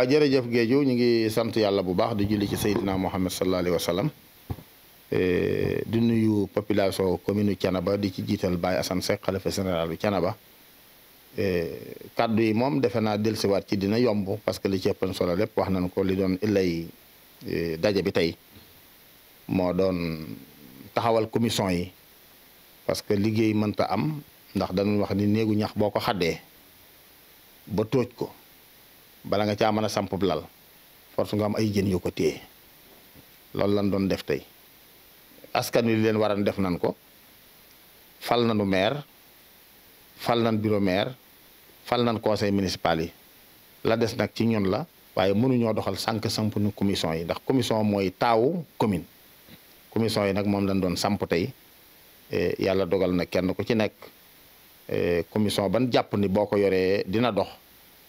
waaw jërëjëf géeju ñu ngi sant yàlla bu baax di julli ci Seydina Muhammad sallallahu alayhi wa sallam eh, di nuyu population commune Thiénaba di ci jiital Baye Assane Seck xalifa général bi Thiénaba eh, kàddu yi moom defe naa dellusiwaat ci dina yomb parce que li ci ëppan solo lépp wax nañ ko li doon illay eh, daje bi tey moo doon taxawal commission yi parce que liggéey mënta am ndax dañuy wax ni néegu ñax boo ko xaddee ba tóoj ko bala nga ci amana samp blal force nga am ay jeen yu ko téye lan doon def tey askan wi leen waran def nan ko fal nanu maire fal nan bureau maire fal nan conseil municipal yi la dess nak ci ñun la mënu ñoo doxal sank samp ni commission yi ndax commission moy taw commune commission yi nak mom lañ doon samp tey e, yalla dogal na kenn ko ci nekk e, commission ban japp ni boko dina dox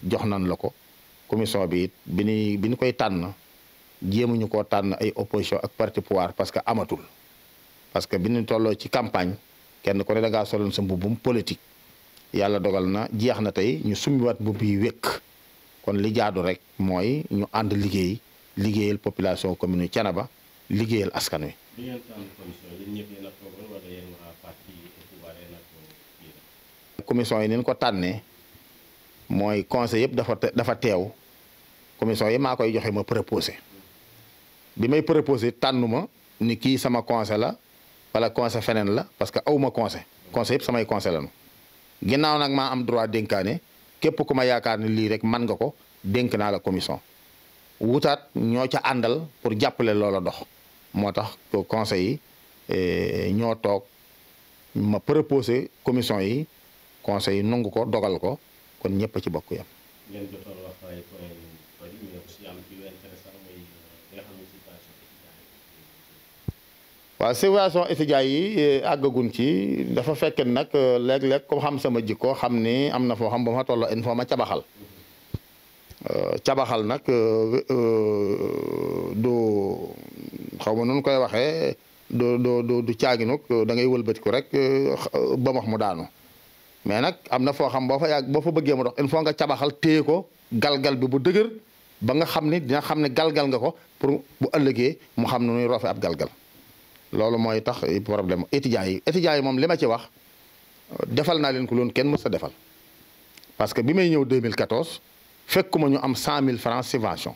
jox nan lako commission bi it bi ñuy bi ñu koy tànn jéemuñu koo tànn ay opposition ak parti pouvoir parce que amatul parce que bi ñu tolloo ci campagne kenn ku ne da ngaa soloon sa mbubbum politique yàlla dogal na jeex na tey ñu sumbiwaat mbubb yi wékk kon li jaadu rek mooy ñu ànd liggéey liggéeyal population commune Thiénaba liggéeyal askan wi. commission yi ni ko tànnee mooy conseil yëpp dafa dafa teew. commission yi maa koy joxe ma proposé bi may proposé tànnuma ni kii sama conseil la wala conseil feneen la parce que awma conseil conseil yëpp samay conseil lanu ginnaaw nag maa am droit dénkaane képp ku ma yaakaar ne lii rek man nga ko dénk naa la commission wutaat ñoo ca àndal pour jàppale loola dox moo tax conseil yi eh, ñoo toog ma proposé commission yi conseil yi nangu ko dogal ko kon ñëpp ci bokk yam Euh, waaw situation étudiant yi euh, àggagun ci dafa fekk nag euh, léeg-léeg comme xam sama jikko xam ni am na foo xam ba ma toll une ma cabaxal. cabaxal nag du xaw ma nu koy waxee du do du caagi nag da wëlbatiku rek ba mu daano mais nag am na foo xam boo fa yàgg boo fa bëggee mu dox il nga cabaxal téye ko galgal bi bu dëgër ba nga xam ne dina xam ne galgal nga ko pour bu ëllëgee mu xam ne nuy roofe ab galgal loolu mooy tax problème étudiants yi étudiants yi moom li ma ci wax defal naa leen ko loon kenn mës sa defal parce que bi may ñëw 2014 fekkuma ñu am cent mille francs subvention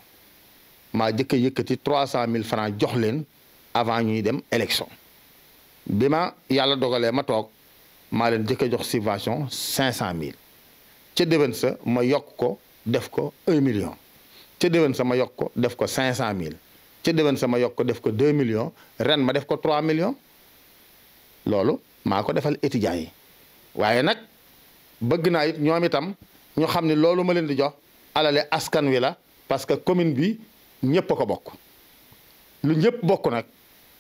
maa jëkk a yëkkati mille francs jox leen avant ñuy dem élection bi ma yàlla dogalee ma toog maa leen jëkk a jox cent 500000 ca déwén sa ma yokk ko def ko 1 million. ca déwén sama yokk ko def ko cinq cent mille ca sama yokk def ko deux millions ren ma def ko trois millions loolu maa ko defal étudiants yi waaye nag bëgg naa it ñoom itam ñu xam ne loolu ma leen di jox alale askan wi la parce que commune bi ñëpp a ko bokk lu ñëpp bokk nag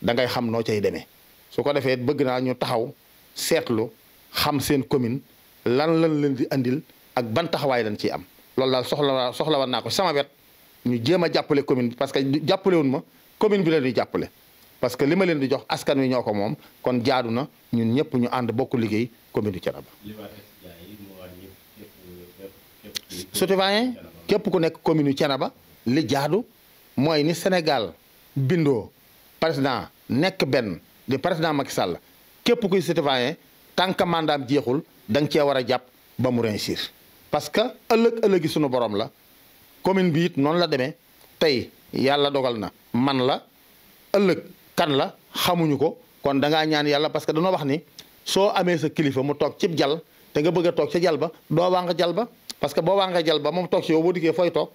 da ngay xam noo cay demee su ko defee bëgg naa ñu taxaw seetlu xam seen commune lan lan leen di andil ak ban taxawaay lañ ci am loolu daal soxla soxla woon naa ko sama wet ñu jéem a jàppale commune bi parce que jàppale wuñ ma commune bi la ñuy jàppale parce que li ma leen di jox askan wi ñoo ko moom kon jaadu na ñun ñëpp ñu ànd bokk liggéey commune du Thiénaba citoyen képp ku nekk commune yu Thiénaba li jaadu mooy ni Sénégal bindoo président nekk benn di président Macky Sall képp kuy citoyen tant que jeexul da nga cee war a jàpp ba mu réussir parce que ëllëg ëllëgi sunu borom la commune bi it noonu la demee tey yàlla dogal na man la ëllëg kan la xamuñu ko kon da ngaa ñaan yàlla parce que dañoo wax ni soo amee sa kilifa mu toog cib jal te nga bëgg a toog ca jal ba doo wànq jal ba parce que boo wànqee jal ba moom toog ci yow boo dikkee fooy toog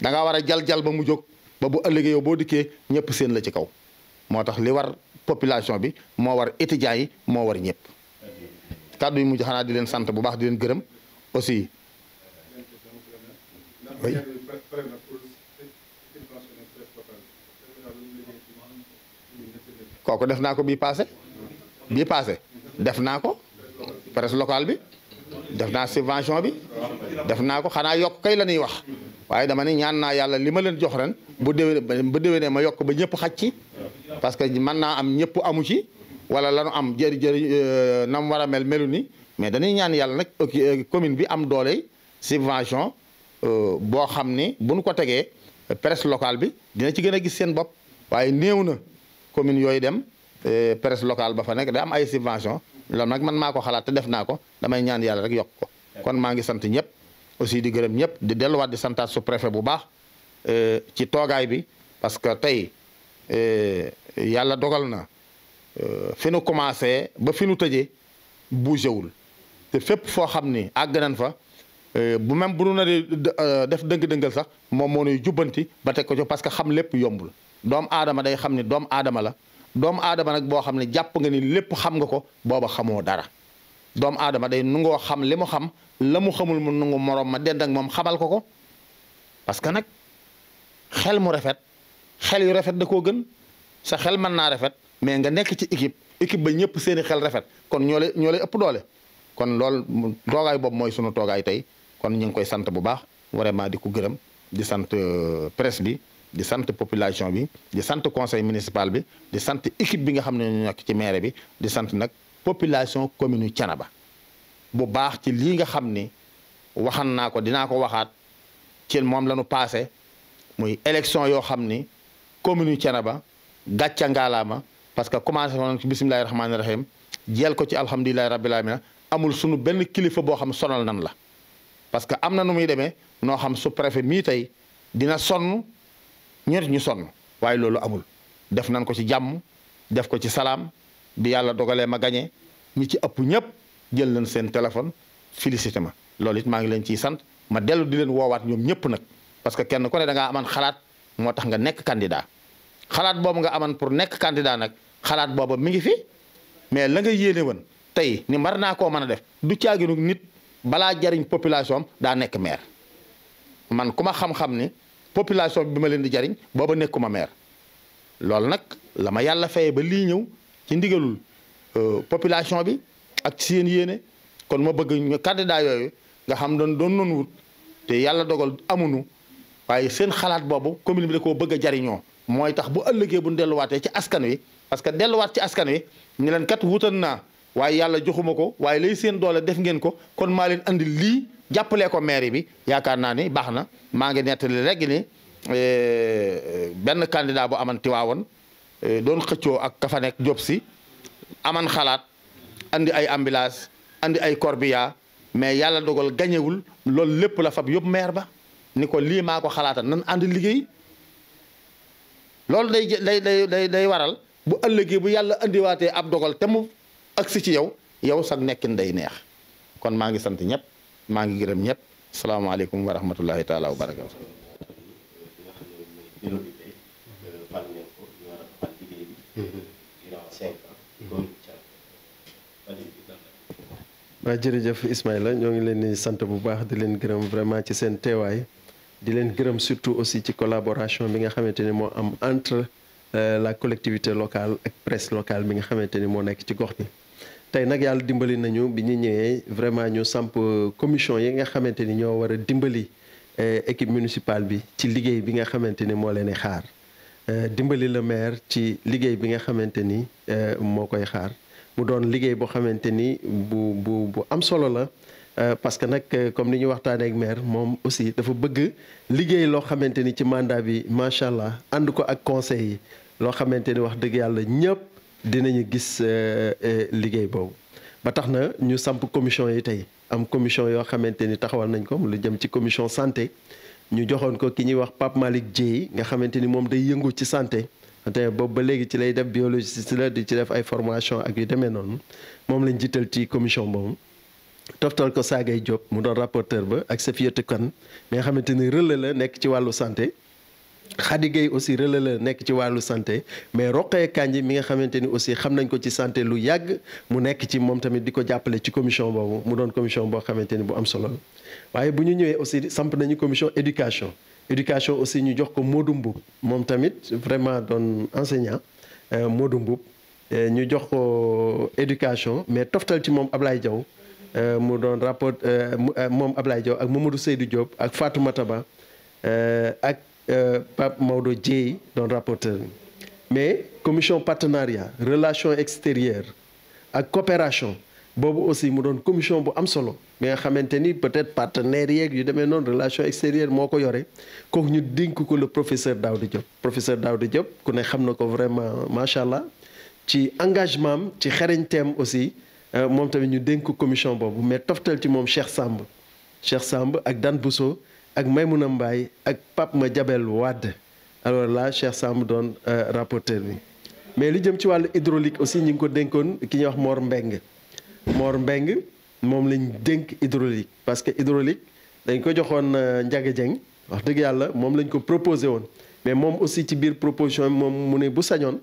da ngaa war a jal jal ba mu jóg ba bu ëllëgee yow boo dikkee ñëpp seen la ci kaw moo tax li war population bi moo war étudiants yi moo war ñëpp. kàddu yi mujj xanaa di leen sant bu baax di leen gërëm kooku def naa ko bii passé bii passé def naa ko presse local bi def naa subvention bi def naa ko xanaa yokk kay la ñuy wax waaye dama ne ñaan naa yàlla li ma leen jox ren bu dewee bu déwénee ma yokk ba ñëpp xaj ci parce que mën naa am ñëpp amu ci wala lanu am jëri jëri euh, nam war a mel melu ni mais dañuy ñaan yàlla nag euh, commune bi am doole subvention Euh, boo xam ni bu nu ko tegee presse local bi dina ci gën a gis seen bopp waaye néew na commune yooyu dem eh, presse local ba fa nekk day am ay subvention la nag man maa ko xalaat te def naa ko damay ñaan yàlla rek yokk ko kon maa ngi sant ñëpp aussi di gërëm ñëpp di delluwaat di santaat su préfet bu baax eh, ci toogaay bi parce que tey eh, yàlla dogal na fi nu commencé ba fi nu tëjee bougéwul te fépp foo xam ni àgg nañ fa Euh, bu même bu nu na euh, def dëng-dëngal sax moom moo nuy jubbanti ba teg ko ci parce que xam lépp yombul doomu aadama day xam ni doomu aadama la doomu aadama nag boo xam ne jàpp nga ni lépp xam nga ko booba xamoo dara doomu aadama day nu xam li mu xam la mu xamul mu nungu moroom ma dend ak moom xamal ko ko parce que nag xel mu rafet xel yu rafet da koo gën sa xel mën naa rafet mais nga nekk ci équipe équipe ba ñëpp seeni xel rafet kon ñoo lay ñoo lay ëpp doole kon lool toogaay boobu mooy sunu toogaay tey kon ñu ngi koy sant bu baax vraiment di ko gërëm di sant euh, presse bi di sant population bi di sant conseil municipal bi di sant équipe bi nga xam ne ñu nekk ci maire bi di sant nag population commune Thiénaba bu baax ci lii nga xam ni waxan naa ko dinaa ko waxaat ci moom la ñu passé muy élection yoo xam ni commune Thiénaba gàcca ngaalaama parce que commencé woon ci bisimilahi rahmaani rahim jël ko ci alhamdulilahi rabbil alamin amul sunu benn kilifa boo xam sonal nan la parce que am na nu muy demee noo xam su préfet mii tey dina sonn ñett ñu sonn waaye loolu amul def nan ko ci jàmm def ko ci salaam bi yàlla dogalee ma gañe ñi ci ëpp ñëpp jël leen seen téléphone félicité ma loolu it maa ngi leen ciy sant ma dellu di leen woowaat ñoom ñëpp nag parce que kenn ku ne da ngaa xalaat moo tax nga nekk candidat xalaat boobu nga aman pour nekk candidat nag xalaat boobu mi ngi fi mais la nga yéene woon tey ni mar naa koo mën a def du caaginu nit balaa jariñ population daa nekk maire man ku ma xam-xam ni population bi ma leen di jariñ booba nekkuma maire loolu nag lama yàlla fayee ba lii ñëw ci ndigalul euh, population bi ak ci seen yéene kon ma bëgg ñu candidat yooyu nga xam doon doon noonu wut te yàlla dogal amuñu waaye seen xalaat boobu commune bi da koo bëgg jariñoo mooy tax bu ëllëgee bu ñu delluwaatee ci askan wi parce que delluwaat ci askan wi ñu leen kat wutal waaye yàlla joxuma ko waaye lay seen doole def ngeen ko kon maa leen andi lii jàppalee ko mairie bi yaakaar naa ni baax na maa ngi nettali rek ni eh, benn candidat bu aman Tiwaawoon eh, doon xëccoo ak ka fa nekk Diop si aman xalaat andi ay ambulance andi ay corbillard mais yàlla dogal gañewul loolu lépp la fab yóbbu maire ba ni ko lii maa ko xalaata nan ànd liggéey loolu day waral bu ëllëgee bu yàlla andiwaatee ab dogal te mu agsi ci yow yow sax nekkin day neex kon maa ngi sant ñëpp maa ngi gërëm ñëpp salaamaaleykum wa rahmatullahi taala wa barakatu waaw jërëjëf Ismaïla ñoo ngi leen di sant bu baax di leen gërëm vraiment ci seen teewaay di leen gërëm surtout aussi ci collaboration bi nga xamante ni moo am entre euh, la collectivité locale ak presse locale bi nga xamante ni moo nekk ci gox bi tey nag yàlla dimbali nañu bi ñu ñëwee vraiment ñu samp commission yi nga xamante ni ñoo war a dimbali eh, équipe municipale bi ci liggéey bi nga xamante ni moo leen xaar eh, dimbali le maire ci liggéey bi nga xamante ni eh, moo koy xaar mu doon liggéey boo xamante ni bu bu bu am solo la. parce que nag comme ni ñu waxtaanee ak maire moom aussi dafa bëgg liggéey loo xamante ni ci mandat bi macha allah ànd ko ak conseil yi loo xamante ni wax dëgg yàlla ñëpp. dinañu gis euh, euh, liggéey boobu ba tax na ñu samp commission yi tey am commission yoo xamante ni taxawal nañ ko lu jëm ci commission santé ñu joxoon ko ki ñuy wax Pape Malick Dieye nga xamante ni moom day yëngu ci santé te boobu ba léegi ci lay def biologiste la di ci def ay formation ak yu demee noonu moom lañ jiital ci commission boobu toftal ko Saagay Diop mu doon rapporteur ba ak Safiatou Kane mi nga xamante ni relais la nekk ci wàllu santé Khady Gueye aussi relais la nekk ci wàllu santé mais Roqee kànj mi nga xamante ni aussi xam nañ ko ci santé lu yàgg mu nekk ci moom tamit di ko jàppale ci commission boobu mu doon commission boo xamante ni bu am solo la waaye bu ñu ñëwee aussi samp nañu commission éducation éducation aussi ñu jox ko Modou Mboub moom tamit vraiment doon enseignant euh, Modou Mboub euh, ñu jox ko éducation mais toftal ci moom ab Ablaye jaw euh, mu doon rapport moom Ablaye Diaw ak Mamadou Seydou Diop ak Fatou Mataba ak. Euh, Pape Maudo Djei, notre rapporteur. Mais commission partenariat, relations extérieures ak coopération Bob aussi mu une commission bu am mais nga maintenir peut-être partenariat, yeeg yu non, une relation extérieure moo ko yore kooku ñu dénk le professeur Daouda Diop. professeur Daouda Diop ku ne xam vraiment machallah, qui ci engagement am ci aussi euh, Moi, tamit ñu dénk commission mais toftal ci monde, Cheikh Samb Cheikh Samb ak Dan Bousso. ak mun a Mbaye ak Pape Madiabel Wade alors là Cheikh Samb doon euh, rapporteur bi mais lu jëm ci wàll hydraulique aussi ñi ngi ko dénkoon ki ñuy wax Mor Mbeng Mor Mbeng moom lañ dénk hydraulique parce que hydraulique dañ ko joxoon euh, Ndiaga Dieng wax dëgg yàlla moom lañ ko proposé woon mais moom aussi ci biir proposition moom mu ne bu sañoon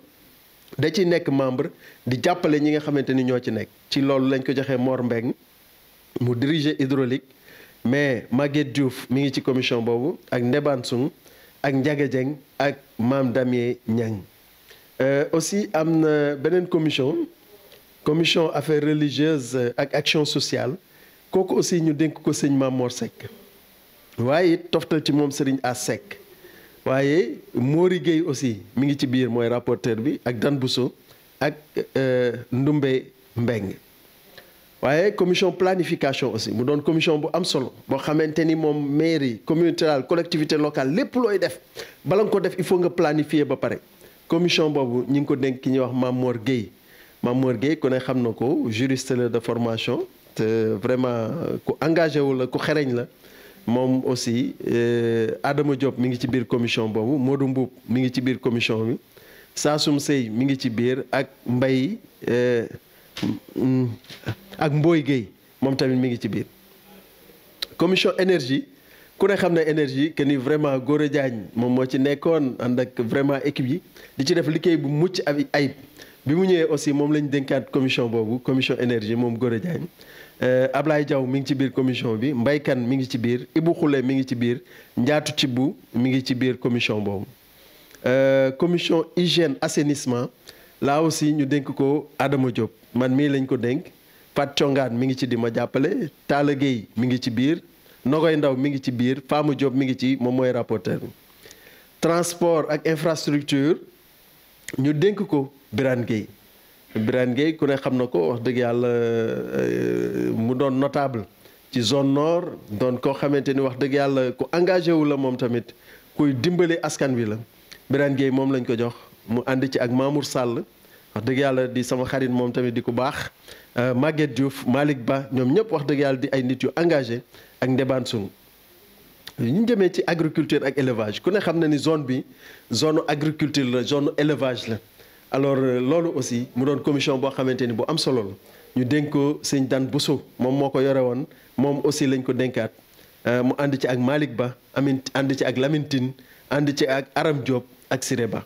da ci nekk membre di jàppale ñi nga xamante ni ñoo ci nekk ci loolu lañ ko joxee moor Mbeng mu diriger hydraulique mais Maguette Diouf mi ngi ci commission boobu ak Ndebansung ak Ndiaga Dieng ak Mame Damier Niang euh, aussi am na beneen commission commission affaire religieuse ak action sociale kooku aussi ñu dénk ko sëñ Mame Mor Seck waaye it toftal ci moom Serigne à Seck waaye moo Gueye aussi mi ngi ci biir mooy rapporteur bi ak Dan Bousso ak euh, Ndumbe Mbeng waaye commission planification aussi mu donne commission bu am solo bo xamanteni mom mairie communautaire, collectivité locale lepp loy def bala ko def il faut nga planifier ba paré. commission bobu ñing ko denk ñi wax Mamour Gueye Mamour Gueye ku ne xam juriste de formation te vraiment euh, ko engagé wu la ko xereñ la mom aussi euh, Adama Diop mi ngi ci bir commission bobu Modou Mbuub mi ngi ci bir commission bi Sassoum Sey mi ngi ci bir ak Mbaye euh, ak Mboy Guèye moom tamit mi ngi ci biir commission énergie ku ne xam ne énergie que ni vraiment Gora Diagne moom moo ci nekkoon ànd ak vraiment équipe yi di ci def liggéey bu mucc ay ayib bi mu ñëwee aussi moom lañ dénkaat commission boobu commission énergie moom Gora Diagne euh, Ablaye Diaw mi ngi ci biir commission bi Mbaykan mi ngi ci biir Ibou Khoule mi ngi ci biir Njaatu Cibbu mi ngi ci biir commission boobu euh, commission hygiène assainissement là ñu dénk ko Adama Diop man mii lañ ko dénk Fat Congaan mi ngi ci di ma jàppale taala Gueye mi ngi ci biir Nogoy Ndaw mi ngi ci biir Fama Diop mi ngi ci moom mooy rapporteur transport ak infrastructure ñu dénk ko Birane Gueye Birane Gueye ku ne xam na ko wax dëgg yàlla euh, mu doon notable ci zone nord doon koo xamante ni wax dëgg yàlla ku engagé wu la moom tamit kuy dimbali askan wi la Birane Gueye moom lañ ko jox mu ànd ci ak Mamour sàll wax dëgg yàlla di sama xarit moom tamit di ko baax euh, Maguette Diouf Malick Ba ñoom ñëpp wax dëgg yàlla di ay nit yu engagé ak Ndebane Sung euh, ñu jëmee ci agriculture ak élevage ku ne xam na ni zone bi zone agriculture la zone élevage la alors euh, loolu aussi mu doon commission boo xamante ni bu am solo la ñu dénk ko sëñ Dan Bousso moom moo ko yore woon moom aussi lañ ko dénkaat mu ànd ci ak Malick Ba amin ànd ci ak lamintine Tine ci ak Aram Diop ak Siré Ba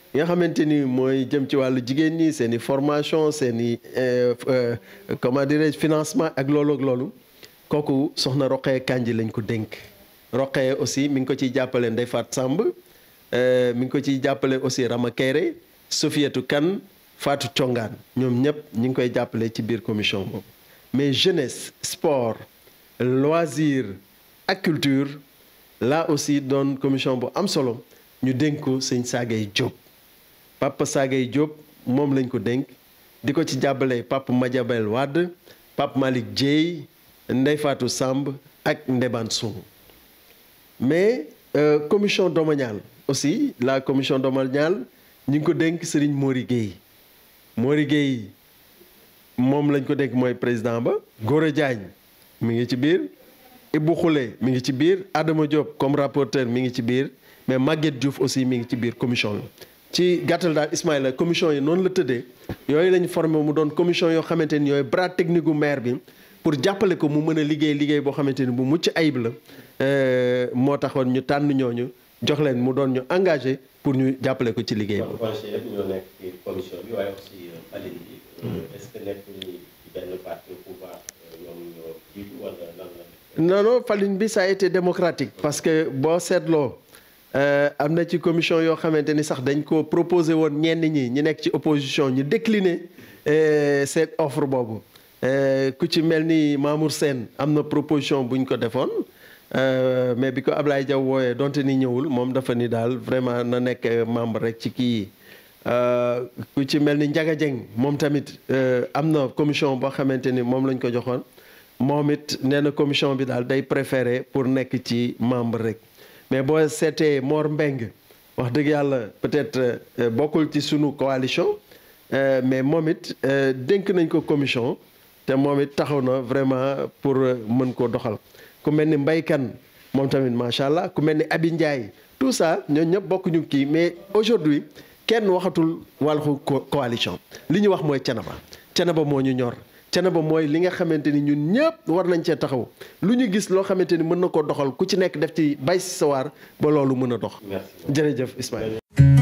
nga xamanteni moy, jëm ci walu jigen ni seni formation seni euh, euh comment dirais financement ak loolu ak lolu koku soxna Roqee kanji lañ ko denk Roqee aussi mi ngi ko ci jappalé ndey Fat Samb euh, mi ngi ko ci jappalé aussi Rama Kéré Sofietu Kan Fatou Thiongaan ñom ñep ñu ngi koy jappalé ci biir commission boobu mais jeunesse sport loisir ak culture là aussi donne commission bu am solo ñu dénk ko sëñ Diop papa Sagay Diop moom lañ ko dénk di ko ci jàppale papa Madiabel Wade papa Malick Dieye Ndeye Fatou Samb ak Ndebane Sow mais euh, commission domaniale aussi la commission domaniale ñu ngi ko dénk sëriñ moo Gueye Mori Gueye moom lañ ko dénk mooy président ba Gora Diagne mu ngi ci biir Ibou Khoule mu ngi ci biir Adama Diop comme rapporteur mi ngi ci biir mais màgget Diouf aussi mi ngi ci biir commission la ci gàttal daal Ismaïla commission yi noonu la tëddee yooyu lañu formé mu doon commission yoo xamante ni ñooy bras technique gu maire bi pour jàppale ko mu mën a liggéey liggéey boo xamante ni bu mucc ayib la euh, moo taxoon ñu tànn ñu jox leen mu doon ñu engagé pour ñu jàppale ko ci liggéey bi. ñoo nekk ci commission bi waaye a été démocratique. parce que boo seetloo. Euh, am na ci commission yoo xamante ni sax dañ ko proposé woon ñenn ñi ñu nekk ci opposition ñu décliner euh, seen offre boobu euh, ku ci mel ni Mamour Sène am proposition buñ ko defoon mais bi ko Ablaye Diaw wooyee donte ni ñëwul moom dafa ni daal vraiment na nekk membre rek ci kii yi ku ci mel ni Ndiaga Dieng moom tamit am na commission boo xamante ni moom lañ ko joxoon moom it nee commission bi daal day préféré pour nekk ci membre rek mais bon c'était Mor Mbeng wax peut-être de euh, euh, ci sunu coalition euh, mais Mohamed, dès que nous ko commission te moom vraiment pour mon ko doxal ku mel ni mbaykan moom tamit macha ku mel Abi Ndiaye tout ça ñoo ñëpp bokkuñu kii mais aujourd'hui kenn waxatul wàllu coalition li ñu wax mooy Thiénaba Thiénaba moo ñu ñor ce canaba mooy li nga xamante ni ñun ñëpp war nañ cee taxaw lu ñu gis loo xamante ni mën na koo doxal ku ci nekk def ci bay si sawar ba loolu mën a dox jërëjëf Ismaïla